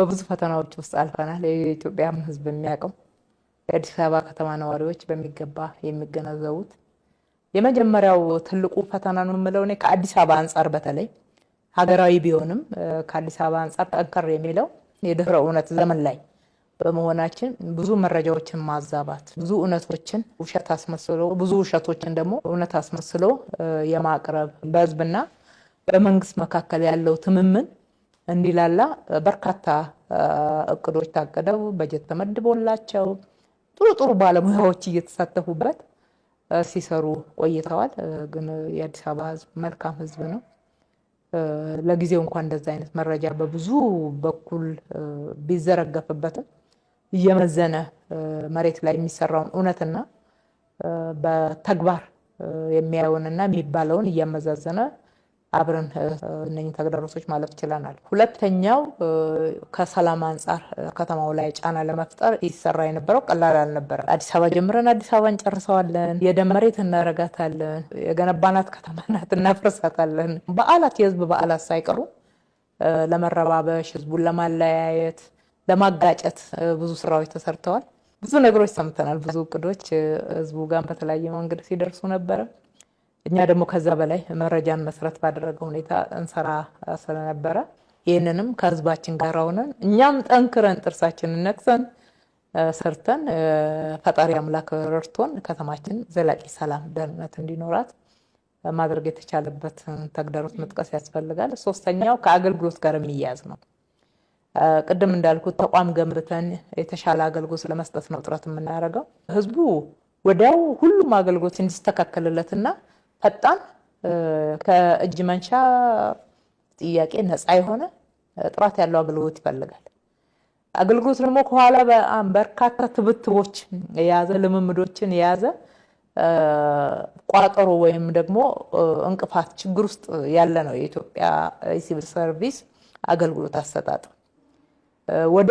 በብዙ ፈተናዎች ውስጥ አልፈናል። የኢትዮጵያም ህዝብ የሚያውቀው የአዲስ አበባ ከተማ ነዋሪዎች በሚገባ የሚገነዘቡት የመጀመሪያው ትልቁ ፈተና ነው የምለው እኔ ከአዲስ አበባ አንጻር በተለይ ሀገራዊ ቢሆንም ከአዲስ አበባ አንጻር ጠንከር የሚለው የድህረ እውነት ዘመን ላይ በመሆናችን ብዙ መረጃዎችን ማዛባት፣ ብዙ እውነቶችን ውሸት አስመስሎ ብዙ ውሸቶችን ደግሞ እውነት አስመስሎ የማቅረብ በህዝብና በመንግስት መካከል ያለው ትምምን እንዲላላ በርካታ እቅዶች ታቅደው በጀት ተመድቦላቸው ጥሩ ጥሩ ባለሙያዎች እየተሳተፉበት ሲሰሩ ቆይተዋል። ግን የአዲስ አበባ ህዝብ መልካም ህዝብ ነው። ለጊዜው እንኳን እንደዛ አይነት መረጃ በብዙ በኩል ቢዘረገፍበትም እየመዘነ መሬት ላይ የሚሰራውን እውነትና በተግባር የሚያየውንና የሚባለውን እያመዛዘነ አብረን እነኝ ተግዳሮቶች ማለፍ ችለናል። ሁለተኛው ከሰላም አንጻር ከተማው ላይ ጫና ለመፍጠር ይሰራ የነበረው ቀላል አልነበረ። አዲስ አበባ ጀምረን አዲስ አበባ እንጨርሰዋለን፣ የደም መሬት እናረጋታለን፣ የገነባናት ከተማናት ናት እናፍርሳታለን። በዓላት፣ የህዝብ በዓላት ሳይቀሩ ለመረባበሽ፣ ህዝቡን ለማለያየት፣ ለማጋጨት ብዙ ስራዎች ተሰርተዋል። ብዙ ነገሮች ሰምተናል። ብዙ እቅዶች ህዝቡ ጋር በተለያየ መንገድ ሲደርሱ ነበረ። እኛ ደግሞ ከዛ በላይ መረጃን መሰረት ባደረገ ሁኔታ እንሰራ ስለነበረ ይህንንም ከህዝባችን ጋር ሆነን እኛም ጠንክረን ጥርሳችንን ነቅሰን ሰርተን ፈጣሪ አምላክ ረድቶን ከተማችን ዘላቂ ሰላም፣ ደህንነት እንዲኖራት ማድረግ የተቻለበት ተግዳሮት መጥቀስ ያስፈልጋል። ሶስተኛው ከአገልግሎት ጋር የሚያያዝ ነው። ቅድም እንዳልኩት ተቋም ገንብተን የተሻለ አገልግሎት ለመስጠት ነው ጥረት የምናደርገው። ህዝቡ ወዲያው ሁሉም አገልግሎት እንዲስተካከልለትና ፈጣን ከእጅ መንሻ ጥያቄ ነፃ የሆነ ጥራት ያለው አገልግሎት ይፈልጋል። አገልግሎት ደግሞ ከኋላ በርካታ ትብትቦች የያዘ ልምምዶችን የያዘ ቋጠሮ ወይም ደግሞ እንቅፋት ችግር ውስጥ ያለ ነው የኢትዮጵያ የሲቪል ሰርቪስ አገልግሎት አሰጣጥ።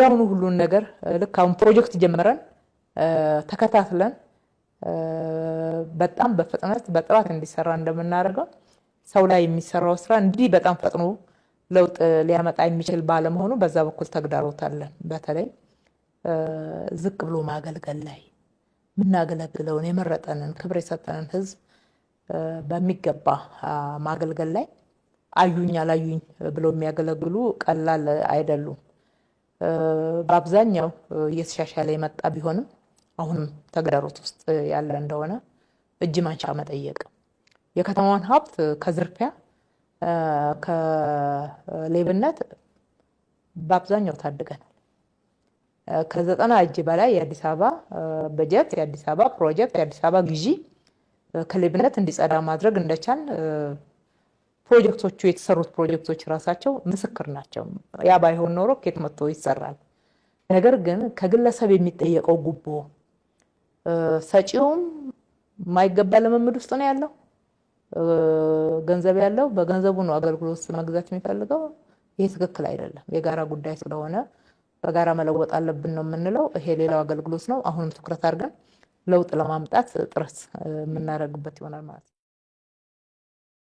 አሁኑ ሁሉን ነገር ልክ አሁን ፕሮጀክት ጀምረን ተከታትለን በጣም በፍጥነት በጥራት እንዲሰራ እንደምናደርገው ሰው ላይ የሚሰራው ስራ እንዲህ በጣም ፈጥኖ ለውጥ ሊያመጣ የሚችል ባለመሆኑ በዛ በኩል ተግዳሮት አለን። በተለይ ዝቅ ብሎ ማገልገል ላይ የምናገለግለውን የመረጠንን ክብር የሰጠንን ህዝብ በሚገባ ማገልገል ላይ አዩኝ አላዩኝ ብለው የሚያገለግሉ ቀላል አይደሉም። በአብዛኛው እየተሻሻለ የመጣ ቢሆንም አሁንም ተግዳሮት ውስጥ ያለ እንደሆነ እጅ መንሻ መጠየቅ፣ የከተማዋን ሀብት ከዝርፊያ ከሌብነት በአብዛኛው ታድገናል። ከዘጠና እጅ በላይ የአዲስ አበባ በጀት፣ የአዲስ አበባ ፕሮጀክት፣ የአዲስ አበባ ግዢ ከሌብነት እንዲጸዳ ማድረግ እንደቻል ፕሮጀክቶቹ የተሰሩት ፕሮጀክቶች ራሳቸው ምስክር ናቸው። ያ ባይሆን ኖሮ ኬት መጥቶ ይሰራል። ነገር ግን ከግለሰብ የሚጠየቀው ጉቦ ሰጪውም የማይገባ ልምምድ ውስጥ ነው ያለው። ገንዘብ ያለው በገንዘቡ ነው አገልግሎት መግዛት የሚፈልገው። ይሄ ትክክል አይደለም። የጋራ ጉዳይ ስለሆነ በጋራ መለወጥ አለብን ነው የምንለው። ይሄ ሌላው አገልግሎት ነው። አሁንም ትኩረት አድርገን ለውጥ ለማምጣት ጥረት የምናደርግበት ይሆናል ማለት ነው።